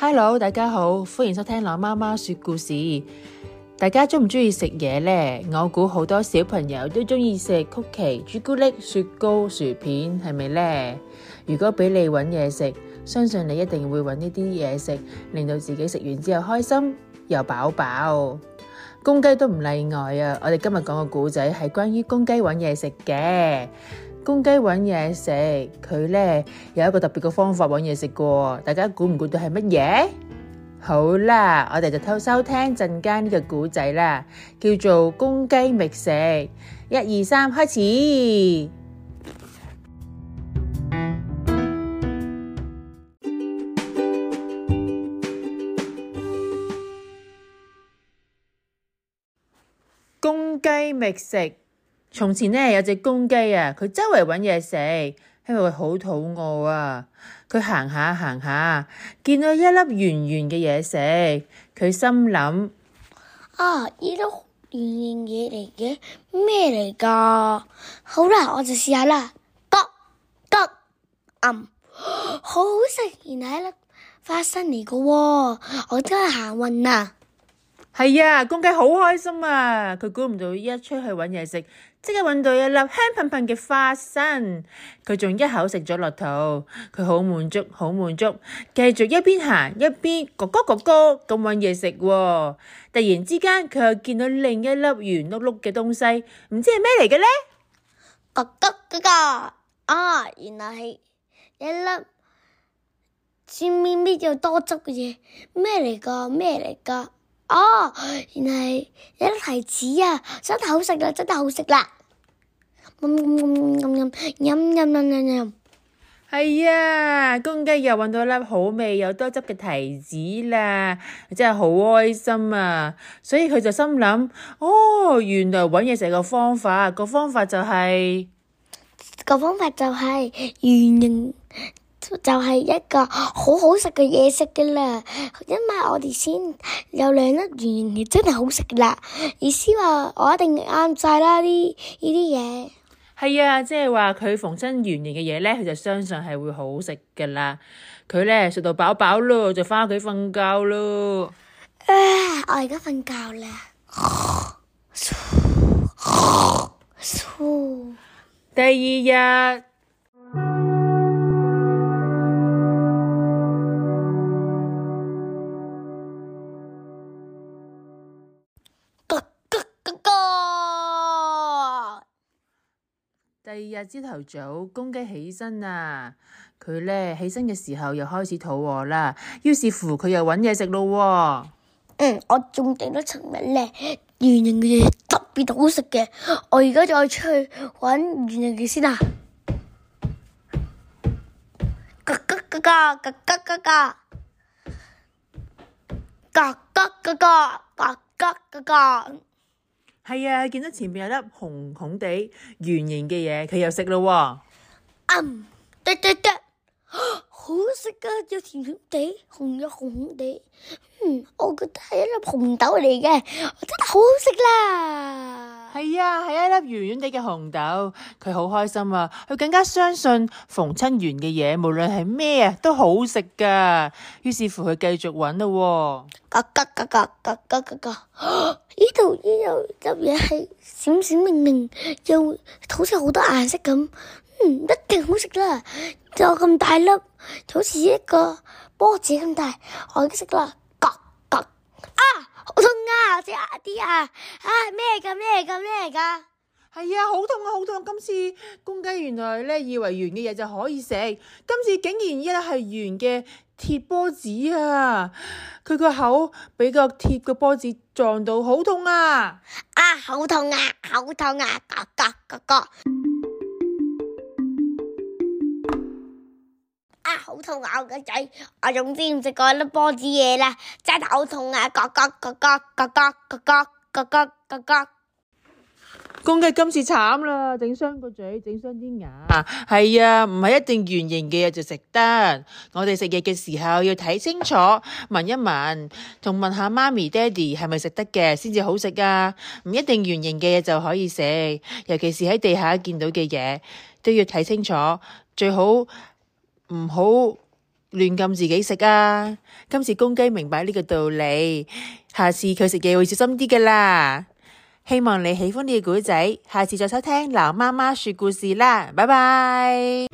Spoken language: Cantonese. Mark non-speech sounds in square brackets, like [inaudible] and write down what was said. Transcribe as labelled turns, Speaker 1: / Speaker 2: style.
Speaker 1: Hello，大家好，歡迎收聽老媽媽說故事。大家中唔中意食嘢呢？我估好多小朋友都中意食曲奇、朱古力、雪糕、薯片，係咪呢？如果俾你揾嘢食，相信你一定會揾呢啲嘢食，令到自己食完之後開心又飽飽。公雞都唔例外啊！我哋今日講個故仔係關於公雞揾嘢食嘅。公雞搵嘢食。佢呢，有一個特別嘅方法搵嘢食噶大家估唔估到係乜嘢？好啦，我哋就偷收聽陣間呢個故仔啦，叫做《公雞覓食》，一二三，開始。公雞覓食。從前呢有隻公雞啊，佢周圍揾嘢食，因為佢好肚餓啊。佢行下行下，見到一粒圓圓嘅嘢食，佢心諗：
Speaker 2: 啊，呢粒圓圓嘢嚟嘅咩嚟噶？好啦，我就試下啦，啄、嗯、啄，好好食，原來係一粒花生
Speaker 1: 嚟噶，我真係行運啊！係啊，公雞好開心啊！佢估唔到一出去揾嘢食，即刻揾到一粒香噴噴嘅花生，佢仲一口食咗落肚，佢好滿足，好滿足，繼續一邊行一邊哥哥哥哥咁揾嘢食。突然之間，佢又見到另一粒圓碌碌嘅東西，唔知係咩嚟嘅咧？
Speaker 2: 哥哥哥哥，啊，原來係一粒酸咪咪又多汁嘅嘢，咩嚟噶？咩嚟噶？哦，原嚟一粒提子啊，真係好食啦，真係好食啦！飲飲飲
Speaker 1: 飲飲飲飲，係呀，公雞又搵到一粒好味又多汁嘅提子啦，真係好開心啊！所以佢就心諗，哦，原來搵嘢食嘅方法，方法就係，個方
Speaker 2: 法就係個方法就係遇人。就係一個好好食嘅嘢食嘅啦，因為我哋先有兩粒圓圓嘢，真係好食噶啦，意思話我一定啱晒啦呢呢啲嘢。
Speaker 1: 係啊，即係話佢逢親圓圓嘅嘢咧，佢就相信係會好食噶啦。佢咧食到飽飽咯，就翻屋企瞓覺咯。啊，我而家瞓覺啦。 [laughs] [laughs] [laughs] [laughs] [laughs] [laughs] [laughs] 第二日。第二日朝頭早，公雞起身啊！佢咧起身嘅時候又開始肚餓啦，於是乎佢又揾嘢食咯。嗯，我仲訂咗尋日咧，圓形
Speaker 2: 嘅嘢特別好食嘅。我而家再出去揾圓形嘅先啊！嘎嘎嘎嘎嘎嘎嘎嘎
Speaker 1: 嘎嘎嘎嘎嘎嘎嘎嘎。係啊，見到前面有粒紅紅地圓形嘅嘢，佢又食咯喎。嗯，得得得，好食啊，又甜甜地，紅
Speaker 2: 又紅紅地，嗯，我覺得係一粒紅豆嚟嘅，真係好好食啦。
Speaker 1: 係一粒圓圓地嘅紅豆，佢好開心啊！佢更加相信逢親圓嘅嘢，無論係咩啊都好食噶。於是乎，啊，佢繼續揾咯。嘎，呢
Speaker 2: 度呢，有粒嘢係閃閃明明，又好似好多顏色咁，嗯、啊，一定好食啦！就咁大粒，就好似一個波子咁大，我已經食啦！嘎嘎，啊！我知啊，啲啊,啊！啊
Speaker 1: 咩嚟噶？咩嚟噶？咩嚟噶？係啊，好痛啊，好痛啊！今次公雞原來咧以為圓嘅嘢就可以食，今次竟然一係圓嘅鐵波子啊！佢個口俾個鐵個波子撞到，好痛啊！啊，好痛啊！好痛啊！個個個個。哥哥
Speaker 2: 好痛咬個嘴，我總之唔食過粒波子嘢啦，真係好痛啊！嘎嘎嘎嘎嘎嘎嘎嘎嘎
Speaker 1: 嘎！公雞今次慘啦，整傷個嘴，整傷啲牙。係啊，唔係一定圓形嘅嘢就食得。我哋食嘢嘅時候要睇清楚，聞一聞，同問下媽咪、爹哋係咪食得嘅先至好食啊！唔一定圓形嘅嘢就可以食，尤其是喺地下見到嘅嘢都要睇清楚，最好。唔好亂咁自己食啊！今次公雞明白呢個道理，下次佢食嘢會小心啲噶啦。希望你喜歡呢個古仔，下次再收聽劉媽媽說故事啦，拜拜。